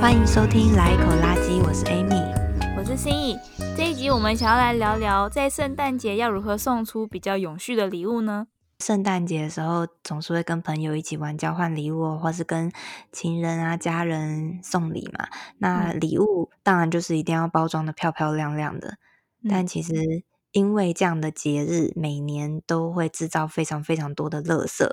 歡迎收聽《來一口垃圾》，我是 Amy，我是心意。這一集我們想要來聊聊，在聖誕節要如何送出比較永續的禮物呢？聖誕節的時候，總是會跟朋友一起玩交換禮物，或是跟情人啊、家人送禮嘛。那禮物當然就是一定要包裝的漂漂亮亮的，嗯、但其實。因為這樣的節日每年都會製造非常非常多的垃圾，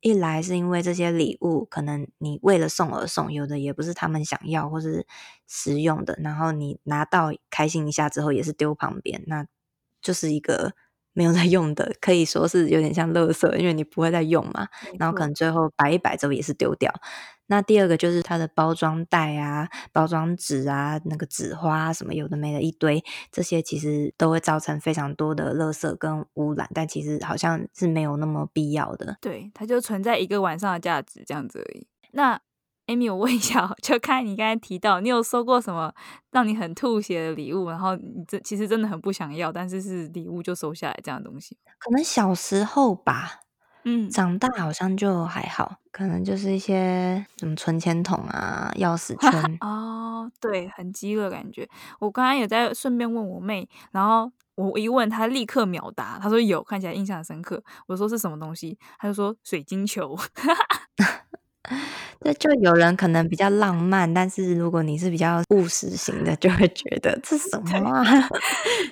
一來是因為這些禮物，可能你為了送而送，有的也不是他們想要或是實用的，然後你拿到開心一下之後也是丟旁邊，那就是一個沒有在用的，可以說是有點像垃圾，因為你不會再用嘛，然後可能最後擺一擺之後也是丟掉。那第二個就是它的包裝袋啊、包裝紙啊、那個紙花啊，什麼有的沒的一堆，這些其實都會造成非常多的垃圾跟污染，但其實好像是沒有那麼必要的。對，它就存在一個晚上的價值這樣子而已。那艾米，Amy，我問一下，就看你剛才提到，你有收過什麼讓你很吐血的禮物，然後你這其實真的很不想要，但是是禮物就收下來這樣的東西？可能小時候吧。嗯，長大好像就還好，可能就是一些什麼存錢筒啊、鑰匙圈 哦，對，很飢餓感覺。我剛剛也在順便問我妹，然後我一問她，立刻秒答，她說有，看起來印象深刻。我說是什麼東西？她就說水晶球。 這就有人可能比較浪漫，但是如果你是比較務實型的，就會覺得這是什麼啊？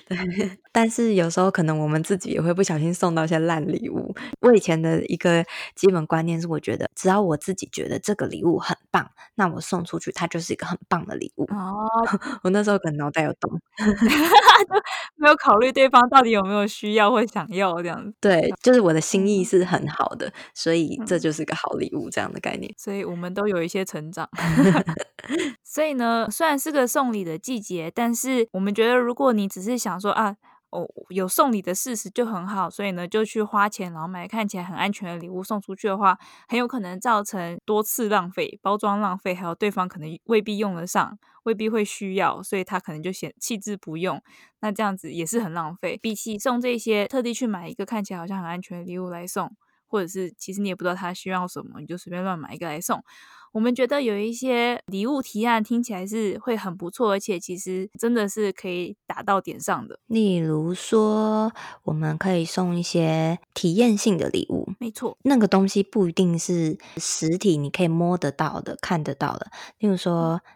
對。對，但是有時候可能我們自己也會不小心送到一些爛禮物。我以前的一個基本觀念是，我覺得只要我自己覺得這個禮物很棒，那我送出去它就是一個很棒的禮物。哦， 我那時候可能腦袋有洞，就 沒有考慮對方到底有沒有需要或想要這樣子。對，就是我的心意是很好的，所以這就是一個好禮物這樣的概念。嗯，所以，我。我們都有一些成長， 所以呢，雖然是個送禮的季節，但是我們覺得，如果你只是想說啊，哦，有送禮的事實就很好，所以呢，就去花錢，然後買看起來很安全的禮物送出去的話，很有可能造成多次浪費、包裝浪費，還有對方可能未必用得上，未必會需要，所以他可能就嫌棄之不用，那這樣子也是很浪費。比起送這些，特地去買一個看起來好像很安全的禮物來送。或者是，其實你也不知道他需要什麼，你就隨便亂買一個來送。我們覺得有一些禮物提案聽起來是會很不錯，而且其實真的是可以打到點上的。例如說，我們可以送一些體驗性的禮物。沒錯，那個東西不一定是實體，你可以摸得到的、看得到的。例如說。嗯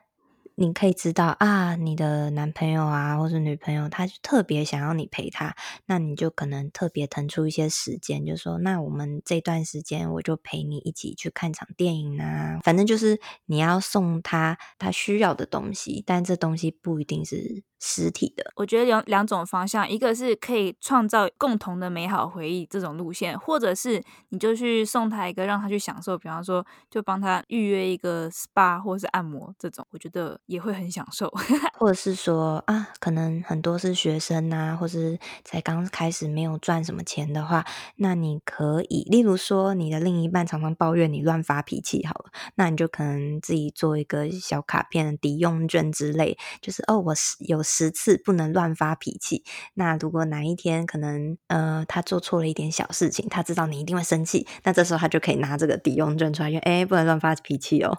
你可以知道啊，你的男朋友啊，或者女朋友，他就特別想要你陪他，那你就可能特別騰出一些時間，就說，那我們這段時間我就陪你一起去看場電影啊，反正就是你要送他他需要的東西，但這東西不一定是。實體的，我覺得有兩種方向，一個是可以創造共同的美好回憶這種路線，或者是你就去送他一個，讓他去享受，比方說就幫他預約一個 SPA 或是按摩這種，我覺得也會很享受。 或者是說啊，可能很多是學生啊，或是才剛開始沒有賺什麼錢的話，那你可以，例如說你的另一半常常抱怨你亂發脾氣，好了，那你就可能自己做一個小卡片抵用券之類，就是哦，我是有。十次不能亂發脾氣。那如果哪一天可能呃他做錯了一點小事情，他知道你一定會生氣，那這時候他就可以拿這個抵用券出來，因為哎不能亂發脾氣哦。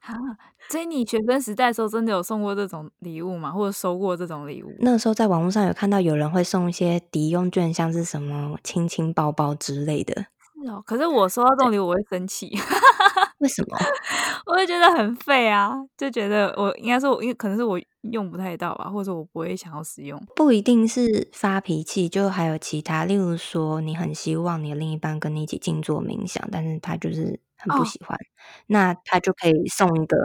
所以你學生時代的時候真的有送過這種禮物嗎？或者收過這種禮物？那時候在網絡上有看到有人會送一些抵用券，像是什麼親親抱抱之類的。可是我收到這種禮物，我會生氣， 為什麼？我會覺得很廢啊，就覺得我應該是我，因為可能是我用不太到吧，或者我不會想要使用。不一定是發脾氣，就還有其他，例如說，你很希望你的另一半跟你一起靜坐冥想，但是他就是。很不喜歡、哦，那他就可以送一個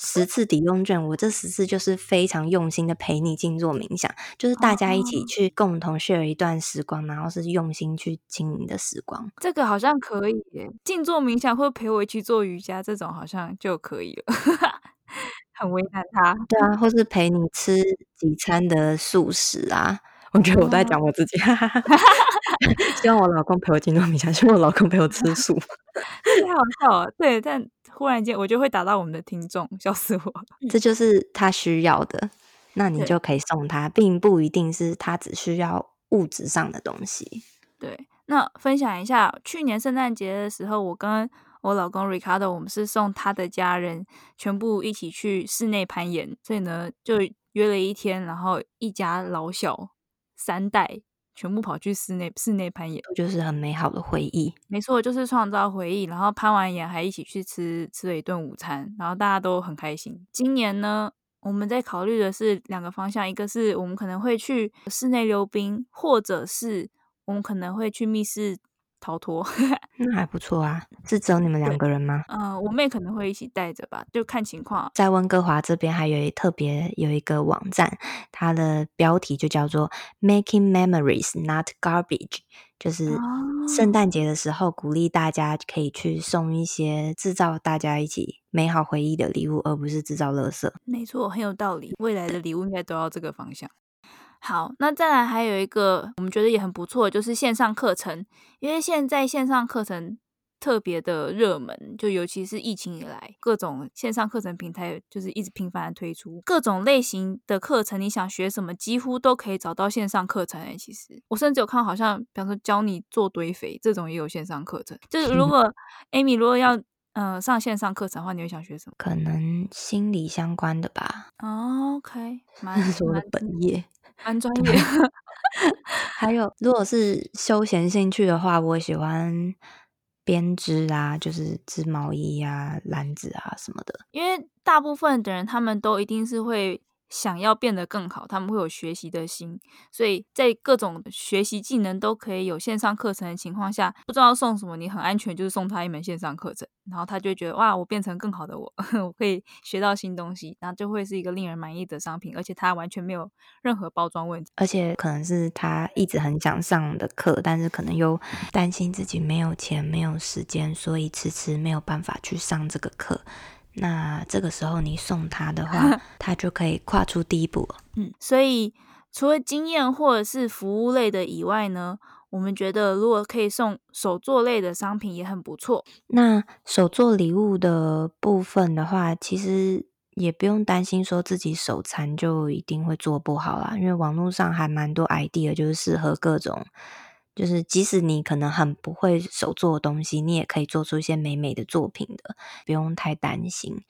十次抵用券。我這十次就是非常用心的陪你靜坐冥想，就是大家一起去共同 share 一段時光，哦、然後是用心去經營的時光。這個好像可以耶，靜坐冥想或陪我去做瑜伽，這種好像就可以了。 很為難他，對啊，或是陪你吃幾餐的素食啊。我覺得我都在講我自己、oh.， 希望我老公陪我進入冥想，希望我老公陪我吃素，太 好笑了、哦。對，但忽然間我就會打到我們的聽眾，笑死我。這就是他需要的，那你就可以送他，並不一定是他只需要物質上的東西。對，那分享一下，去年聖誕節的時候，我跟我老公 Ricardo，我們是送他的家人全部一起去室內攀岩，所以呢就約了一天，然後一家老小。三代全部跑去室內室內攀岩，就是很美好的回憶。沒錯，就是創造回憶。然後攀完岩還一起去吃吃了一頓午餐，然後大家都很開心。今年呢，我們在考慮的是兩個方向，一個是我們可能會去室內溜冰，或者是我們可能會去密室。逃脫 ，那還不錯啊。是只有你們兩個人嗎？嗯、呃，我妹可能會一起帶着吧，就看情況。在溫哥華這邊，還有一特別有一個網站，它的標題就叫做 Making Memories, Not Garbage，就是聖誕節的時候鼓勵大家可以去送一些製造大家一起美好回憶的禮物，而不是製造垃圾。沒錯，很有道理。未來的禮物應該都要這個方向。好，那再來還有一個，我們覺得也很不錯，就是線上課程，因為現在線上課程特別的熱門，就尤其是疫情以來，各種線上課程平台就是一直頻繁的推出各種類型的課程，你想學什麼，幾乎都可以找到線上課程、欸。哎，其實我甚至有看好像比方說教你做堆肥這種，也有線上課程。就是如果 Amy 如果要嗯、呃、上線上課程的話，你會想學什麼？可能心理相關的吧。Oh, OK，蠻的本業。蠻專業， 還有，如果是休閒興趣的話，我喜歡編織啊，就是織毛衣啊、籃子啊什麼的。因為大部分的人他們都一定是會。想要變得更好，他們會有學習的心，所以在各種學習技能都可以有線上課程的情況下，不知道送什麼，你很安全，就是送他一門線上課程，然後他就會覺得哇，我變成更好的我，我可以學到新東西，然後就會是一個令人滿意的商品，而且他完全沒有任何包裝問題，而且可能是他一直很想上的課，但是可能又擔心自己沒有錢、沒有時間，所以遲遲沒有辦法去上這個課。那這個時候你送他的話，他就可以跨出第一步。 嗯，所以除了經驗或者是服務類的以外呢，我們覺得如果可以送手作類的商品也很不錯。那手作禮物的部分的話，其實也不用擔心說自己手殘就一定會做不好啦，因為網絡上還蠻多 idea，就是適合各種。就是，即使你可能很不會手做的東西，你也可以做出一些美美的作品的，不用太擔心。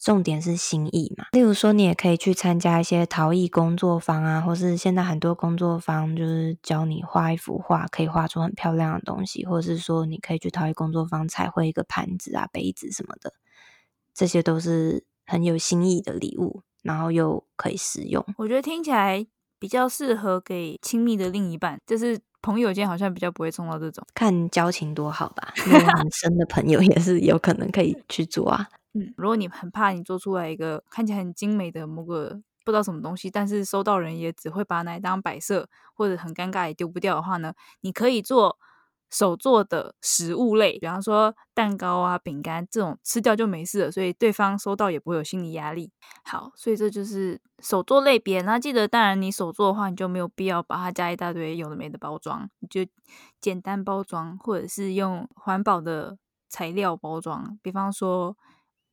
重點是心意嘛。例如說，你也可以去參加一些陶藝工作坊啊，或是現在很多工作坊就是教你畫一幅畫，可以畫出很漂亮的東西，或是說你可以去陶藝工作坊彩繪一個盤子啊、杯子什麼的，這些都是很有心意的禮物，然後又可以使用。我覺得聽起來比較適合給親密的另一半，就是。朋友間好像比較不會衝到這種，看交情多好吧？ 很深的朋友也是有可能可以去做啊。 嗯，如果你很怕你做出來一個看起來很精美的某個不知道什麼東西，但是收到人也只會把那當擺設，或者很尷尬也丟不掉的話呢，你可以做。手做的食物類，比方說蛋糕啊、餅乾這種，吃掉就沒事了，所以對方收到也不會有心理壓力。好，所以這就是手做類別。那記得，當然你手做的話，你就沒有必要把它加一大堆有的沒的包裝，你就簡單包裝，或者是用環保的材料包裝。比方說，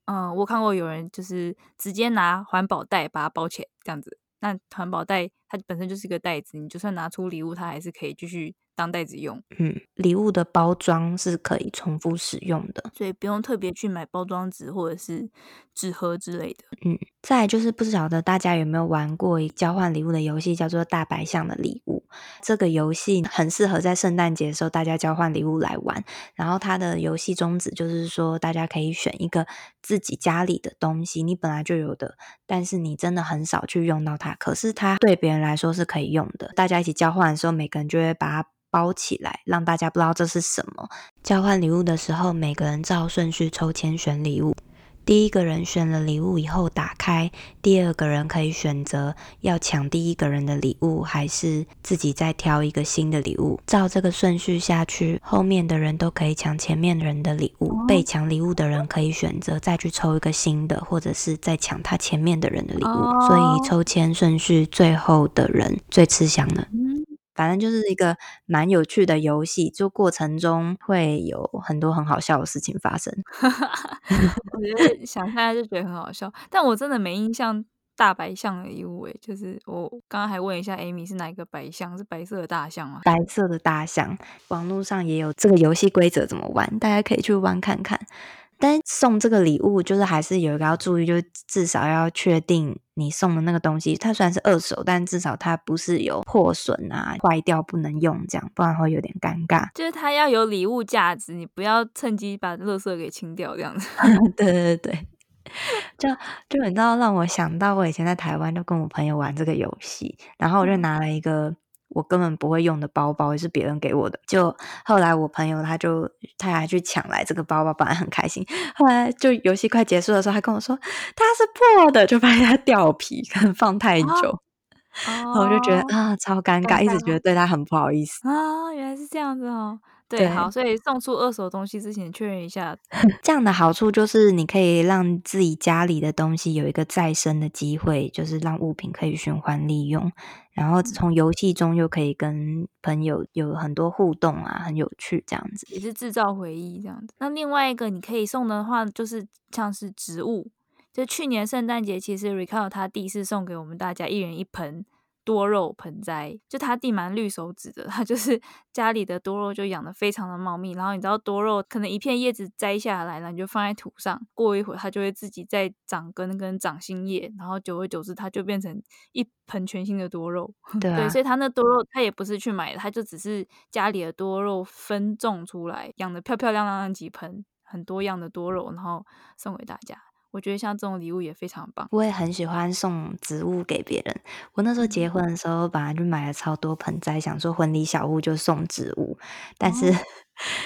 嗯，我看過有人就是直接拿環保袋把它包起來，這樣子。那環保袋。它本身就是一個袋子，你就算拿出禮物，它還是可以繼續當袋子用。嗯，禮物的包裝是可以重複使用的，所以不用特別去買包裝紙或者是紙盒之類的。嗯，再來就是不曉得大家有沒有玩過交換禮物的遊戲，叫做大白象的禮物。這個遊戲很適合在聖誕節的時候大家交換禮物來玩。然後它的遊戲宗旨就是說，大家可以選一個自己家裡的東西，你本來就有的，但是你真的很少去用到它，可是它對別人。來說是可以用的。大家一起交換的時候，每個人就會把它包起來，讓大家不知道這是什麼。交換禮物的時候，每個人照順序抽籤選禮物。第一個人選了禮物以後打開，第二個人可以選擇要搶第一個人的禮物，還是自己再挑一個新的禮物。照這個順序下去，後面的人都可以搶前面的人的禮物。被搶禮物的人可以選擇再去抽一個新的，或者是再搶他前面的人的禮物。所以抽籤順序，最後的人最吃香了。反正就是一個蠻有趣的遊戲，就過程中會有很多很好笑的事情發生。 我覺得想大家就覺得很好笑， 但我真的沒印象大白象的意位意味。就是我剛剛還問一下 Amy 是哪一個白象？是白色的大象嗎？白色的大象，網絡上也有這個遊戲規則怎麼玩，大家可以去玩看看。但是送這個禮物，就是還是有一個要注意，就是至少要確定你送的那個東西，它雖然是二手，但至少它不是有破損啊、壞掉不能用這樣，不然會有點尷尬。就是它要有禮物價值，你不要趁機把垃圾給清掉這樣子。 對對對，就就你知道，讓我想到我以前在台灣就跟我朋友玩這個遊戲，然後我就拿了一個。我根本不會用的包包也是別人給我的，就後來我朋友他就他也還去搶來這個包包，本來很開心，後來就遊戲快結束的時候，他跟我說他是破的，就發現他掉皮，可能放太久，哦，然後我就覺得啊，哦哦，超尷尬等等，一直覺得對他很不好意思啊，哦，原來是這樣子哦。對，好，所以送出二手東西之前確認一下， 這樣的好處就是你可以讓自己家裡的東西有一個再生的機會，就是讓物品可以循環利用，然後從遊戲中又可以跟朋友有很多互動啊，很有趣這樣子，也是制造回憶這樣子。那另外一個你可以送的話，就是像是植物，就去年聖誕節其實 Recall 他第一次送給我們大家一人一盆。多肉盆栽，就他地蠻綠手指的，他就是家裡的多肉就養的非常的茂密。然後你知道多肉，可能一片葉子摘下來了，你就放在土上，過一會兒它就會自己再長根跟長新葉，然後久而久之它就變成一盆全新的多肉。對啊 對，所以他那多肉他也不是去買，他就只是家裡的多肉分種出來，養的漂漂亮亮亮幾盆，很多樣的多肉，然後送給大家。我覺得像這種禮物也非常棒。我也很喜歡送植物給別人。我那時候結婚的時候，本來就買了超多盆栽，嗯、想說婚禮小物就送植物。但是、哦，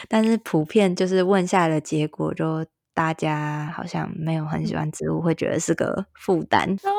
但是普遍就是問下來的結果，就大家好像沒有很喜歡植物，嗯、會覺得是個負擔。什麼？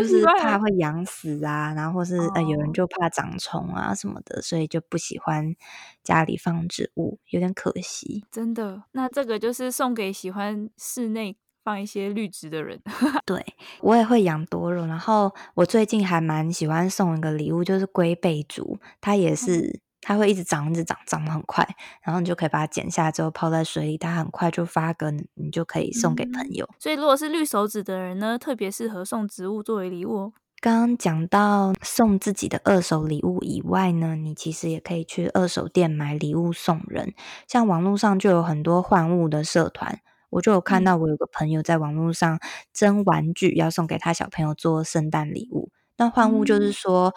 就是怕會養死啊，然後或是、哦、呃有人就怕長蟲啊什麼的，所以就不喜歡家裡放植物，有點可惜。真的，那這個就是送給喜歡室內。放一些綠植的人， 對，我也會養多肉。然後我最近還蠻喜歡送一個禮物，就是龜背竹，它也是、嗯、它會一直長，一直長，長得很快。然後你就可以把它剪下來之後泡在水裡，它很快就發根，你就可以送給朋友、嗯。所以如果是綠手指的人呢，特別適合送植物作為禮物哦。剛剛講到送自己的二手禮物以外呢，你其實也可以去二手店買禮物送人，像網絡上就有很多換物的社團。我就有看到，我有個朋友在網絡上徵玩具，要送給他小朋友做聖誕禮物。那換物就是說，嗯、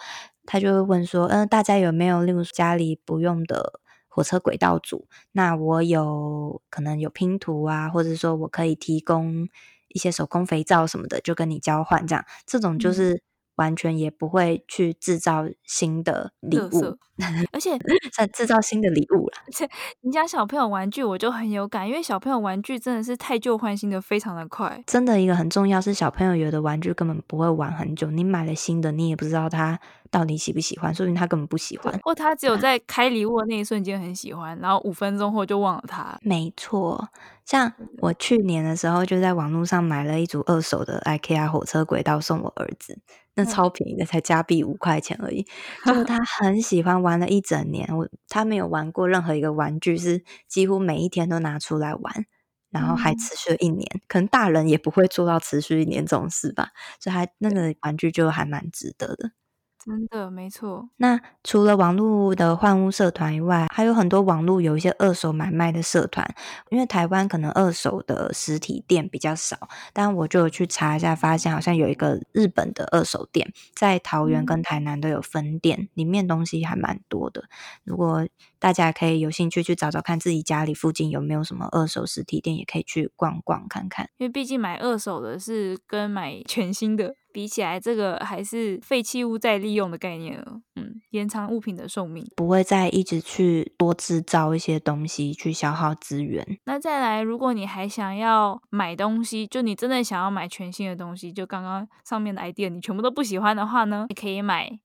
他就會問說：“嗯、呃，大家有沒有例如家裡不用的火車軌道組？那我有可能有拼圖啊，或者說我可以提供一些手工肥皂什麼的，就跟你交換這樣。這種就是。嗯”完全也不會去造 製造新的禮物，而且在制造新的禮物了。而且你家小朋友玩具，我就很有感，因為小朋友玩具真的是太舊換新的非常的快。真的，一個很重要是小朋友有的玩具根本不會玩很久，你買了新的，你也不知道他到底喜不喜歡，說不定他根本不喜歡，或他只有在開禮物的那一瞬間很喜歡，然後五分鐘後就忘了他。沒錯，像我去年的時候就在網絡上買了一組二手的 IKEA 火車軌道送我兒子。那超便宜的，才加幣五塊錢而已。就他很喜歡玩了一整年，我他沒有玩過任何一個玩具，是幾乎每一天都拿出來玩，然後還持續了一年。嗯。可能大人也不會做到持續一年這種事吧。所以還那個玩具就還蠻值得的。真的沒錯。那除了網絡的換物社團以外，還有很多網絡有一些二手買賣的社團。因為台灣可能二手的實體店比較少，但我就有去查一下，發現好像有一個日本的二手店，在桃園跟台南都有分店，嗯、裡面東西還蠻多的。如果大家可以有興趣去找找看，自己家裡附近有沒有什麼二手實體店，也可以去逛逛看看。因為畢竟買二手的是跟買全新的。比起來，這個還是廢棄物再利用的概念了，嗯，延長物品的壽命，不會再一直去多製造一些東西去消耗資源。那再來，如果你還想要買東西，就你真的想要買全新的東西，就剛剛上面的 idea 你全部都不喜歡的話呢，你可以買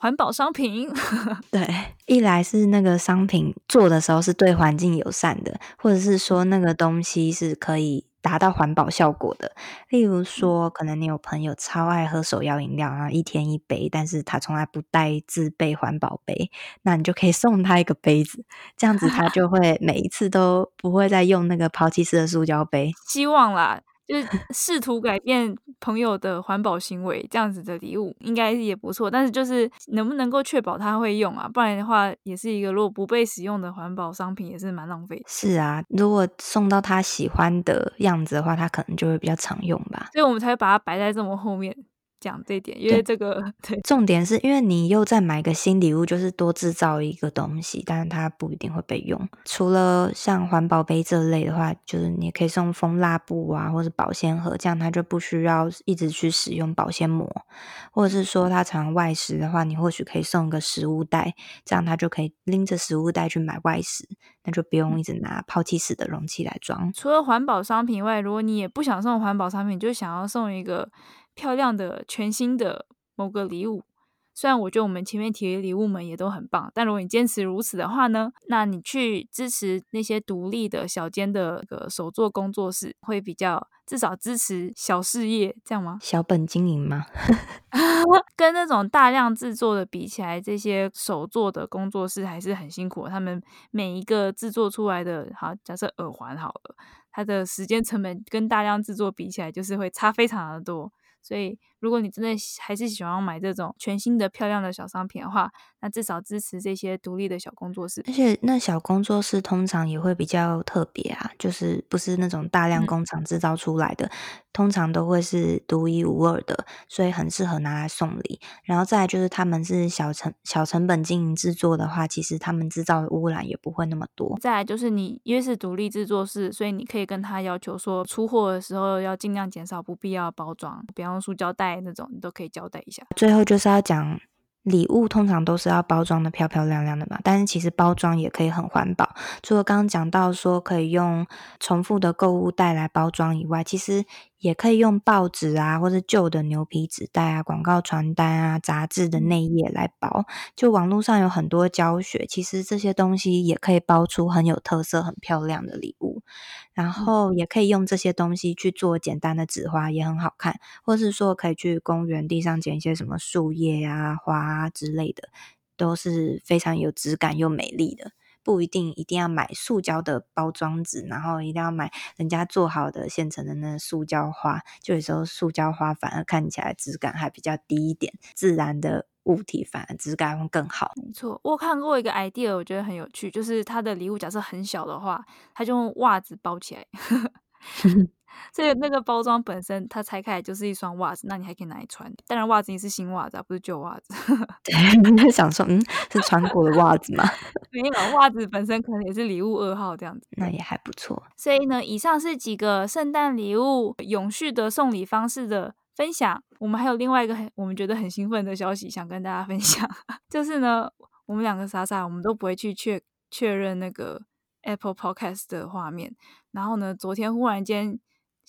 環保商品。 對，一來是那個商品做的時候是對環境友善的，或者是說那個東西是可以。達到環保效果的，例如說，可能你有朋友超愛喝手搖飲料，啊，然後一天一杯，但是他從來不帶自備環保杯，那你就可以送他一個杯子，這樣子他就會每一次都不會再用那個拋棄式的塑膠杯。希望啦。就是試圖改變朋友的環保行為，這樣子的禮物應該也不錯。但是就是能不能夠確保他會用啊？不然的話，也是一個如果不被使用的環保商品，也是蠻浪費。是啊，如果送到他喜歡的樣子的話，他可能就會比較常用吧。所以我們才會把它擺在這麼後面。講這點，因為這個對重點是因為你又再買個新禮物，就是多製造一個東西，但是它不一定會被用。除了像環保杯這類的話，就是你可以送蜂蠟布啊，或者保鮮盒，這樣它就不需要一直去使用保鮮膜。或者是說，它常外食的話，你或許可以送一個食物袋，這樣它就可以拎着食物袋去買外食，那就不用一直拿拋棄式的容器來裝。除了環保商品外，如果你也不想送環保商品，就想要送一個。漂亮的全新的某個禮物，雖然我覺得我們前面提的禮物們也都很棒，但如果你堅持如此的話呢，那你去支持那些獨立的小間的個手作工作室會比較，至少支持小事業，這樣嗎？小本經營嗎？ 跟那種大量製作的比起來，這些手作的工作室還是很辛苦。他們每一個製作出來的，好，假設耳環好了，它的時間成本跟大量製作比起來，就是會差非常的多。所以。如果你真的還是喜歡買這種全新的漂亮的小商品的話，那至少支持這些獨立的小工作室。而且，那小工作室通常也會比較特別啊，就是不是那種大量工廠製造出來的，嗯、通常都會是獨一無二的，所以很適合拿來送禮。然後再來就是，他們是小成小成本經營製作的話，其實他們製造的污染也不會那麼多。再來就是你，你因為是獨立製作室，所以你可以跟他要求說，出貨的時候要盡量減少不必要的包裝，不要用塑膠袋。那種你都可以交代一下。最後就是要講禮物，通常都是要包裝的漂漂亮亮的嘛。但是其實包裝也可以很環保。除了剛剛講到說可以用重複的購物袋來包裝以外，其實。也可以用報紙啊，或是舊的牛皮紙袋啊、廣告傳單啊、雜誌的內頁來包。就網絡上有很多教學，其實這些東西也可以包出很有特色、很漂亮的禮物。然後也可以用這些東西去做簡單的紙花，也很好看。或是說可以去公園地上撿一些什麼樹葉啊、花啊之類的，都是非常有質感又美麗的。不一定一定要買塑膠的包裝紙，然後一定要買人家做好的現成的那塑膠花，就有時候塑膠花反而看起來質感還比較低一點，自然的物體反而質感會更好。沒錯，我看過一個 idea，我覺得很有趣，就是他的禮物假設很小的話，他就用襪子包起來。 所以那個包裝本身，它拆開來就是一雙襪子，那你還可以拿來穿。當然，襪子也是新襪子、啊，不是舊襪子。 你在想說，嗯，是穿過的襪子嗎？ 沒有，襪子本身可能也是禮物二號這樣子。那也還不錯。所以呢，以上是幾個聖誕禮物永續的送禮方式的分享。我們還有另外一個很我們覺得很興奮的消息想跟大家分享，就是呢，我們兩個傻傻，我們都不會去確確認那個 Apple Podcast 的畫面。然後呢，昨天忽然間。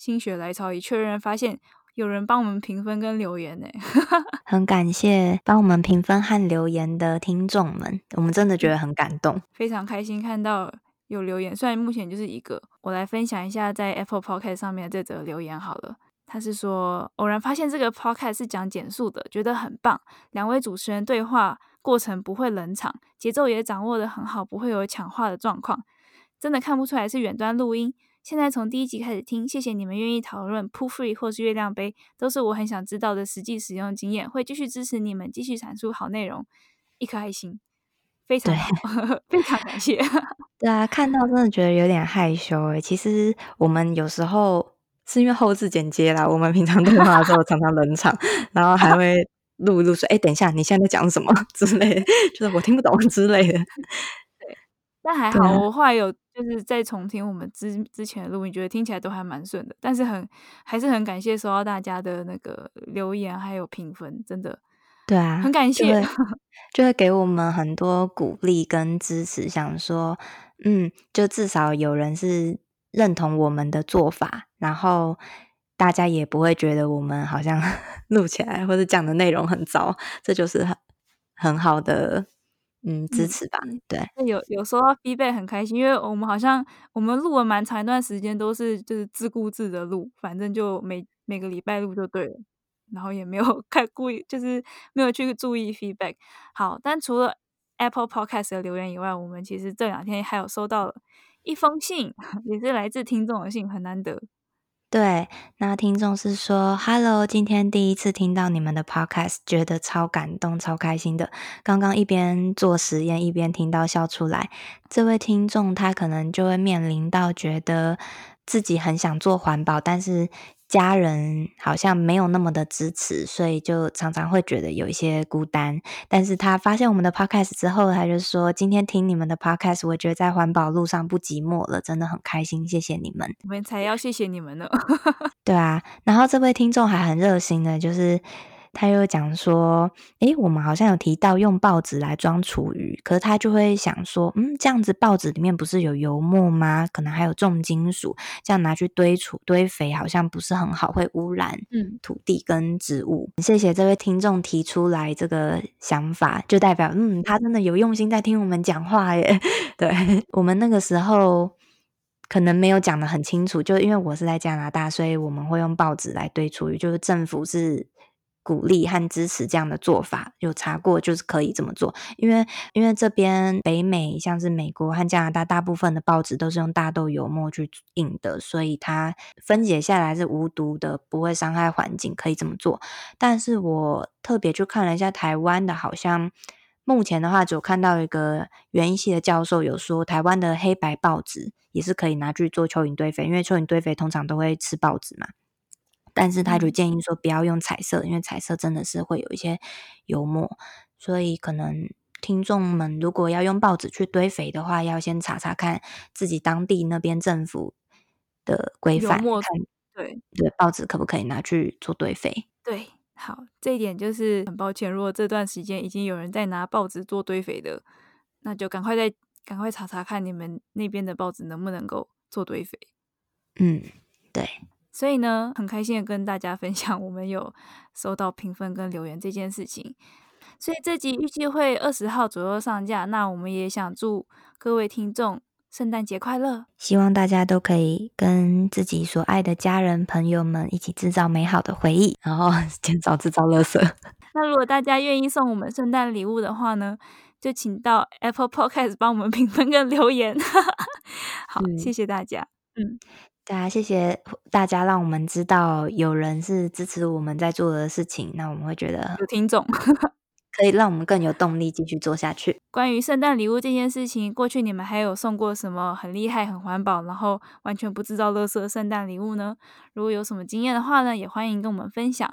心血來潮，一確認發現有人幫我們評分跟留言呢、欸， 很感謝幫我們評分和留言的聽眾們，我們真的覺得很感動，非常開心看到有留言，雖然目前就是一個，我來分享一下在 Apple Podcast 上面這則留言好了，他是說偶然發現這個 Podcast 是講減塑的，覺得很棒，兩位主持人對話過程不會冷場，節奏也掌握得很好，不會有搶話的狀況，真的看不出來是遠端錄音。現在從第一集開始聽，謝謝你們願意討論 Pull Free 或是月亮杯，都是我很想知道的實際使用經驗。會繼續支持你們，繼續產出好內容，一顆愛心，非常好，對，非常感謝。對啊，看到真的覺得有點害羞誒，其實我們有時候是因為後製剪接啦，我們平常對話的時候常常冷場， 然後還會錄一錄說：“哎，等一下，你現在在講什麼？”之類的，就是我聽不懂之類的。但還好，我後來有就是在重聽我們之之前的錄音，覺得聽起來都還蠻順的。但是很還是很感謝收到大家的那個留言還有評分，真的。對啊，很感謝，就會給我們很多鼓勵跟支持。想說，嗯，就至少有人是認同我們的做法，然後大家也不會覺得我們好像錄起來或者講的內容很糟，這就是很很好的。嗯，支持吧，對。嗯、有有收到 feedback 很開心，因為我們好像我們錄了蠻長一段時間，都是就是自顧自的錄，反正就每每個禮拜錄就對了，然後也沒有太故意就是沒有去注意 feedback。好，但除了 Apple Podcast 的留言以外，我們其實這兩天還有收到了一封信，也是來自聽眾的信，很難得。對，那聽眾是說，Hello，今天第一次聽到你們的 Podcast，覺得超感動、超開心的。剛剛一邊做實驗一邊聽到笑出來，這位聽眾他可能就會面臨到覺得自己很想做環保，但是。家人好像沒有那麼的支持，所以就常常會覺得有一些孤單。但是他發現我們的 podcast 之後，他就說：“今天聽你們的 podcast，我覺得在環保路上不寂寞了，真的很開心，謝謝你們。”我們才要謝謝你們呢。 對啊，然後這位聽眾還很熱心的，就是。他又講說：“誒，我們好像有提到用報紙來裝廚餘，可是他就會想說，嗯，這樣子報紙裡面不是有油墨嗎？可能還有重金屬，這樣拿去堆廚堆肥好像不是很好，會污染土地跟植物。嗯”謝謝這位聽眾提出來這個想法，就代表嗯，他真的有用心在聽我們講話耶。對，我們那個時候可能沒有講的很清楚，就因為我是在加拿大，所以我們會用報紙來堆廚餘，就是政府是。鼓勵和支持這樣的做法。有查過，就是可以這麼做，因為因為這邊北美像是美國和加拿大，大部分的報紙都是用大豆油墨去印的，所以它分解下來是無毒的，不會傷害環境，可以這麼做。但是我特別去看了一下台灣的，好像目前的話，只有看到一個園藝系的教授有說，台灣的黑白報紙也是可以拿去做蚯蚓堆肥，因為蚯蚓堆肥通常都會吃報紙嘛。但是他就建議說不要用彩色，嗯、因為彩色真的是會有一些油墨，所以可能聽眾們如果要用報紙去堆肥的話，要先查查看自己當地那邊政府的規範，對對，報紙可不可以拿去做堆肥？對，好，這一點就是很抱歉，如果這段時間已經有人在拿報紙做堆肥的，那就趕快再趕快查查看你們那邊的報紙能不能夠做堆肥。嗯，對。所以呢，很開心跟大家分享我們有收到評分跟留言這件事情。所以這集預計會二十號左右上架，那我們也想祝各位聽眾聖誕節快樂，希望大家都可以跟自己所愛的家人朋友們一起製造美好的回憶，然後減少製造垃圾。 那如果大家願意送我們聖誕禮物的話呢，就請到 Apple Podcast 幫我們評分跟留言。 好，謝謝大家。嗯。大家、啊，謝謝大家，讓我們知道有人是支持我們在做的事情，那我們會覺得有聽眾，可以讓我們更有動力繼續做下去。 關於聖誕禮物這件事情，過去你們還有送過什麼很厲害、很環保，然後完全不製造垃圾的聖誕禮物呢？如果有什麼經驗的話呢，也歡迎跟我們分享。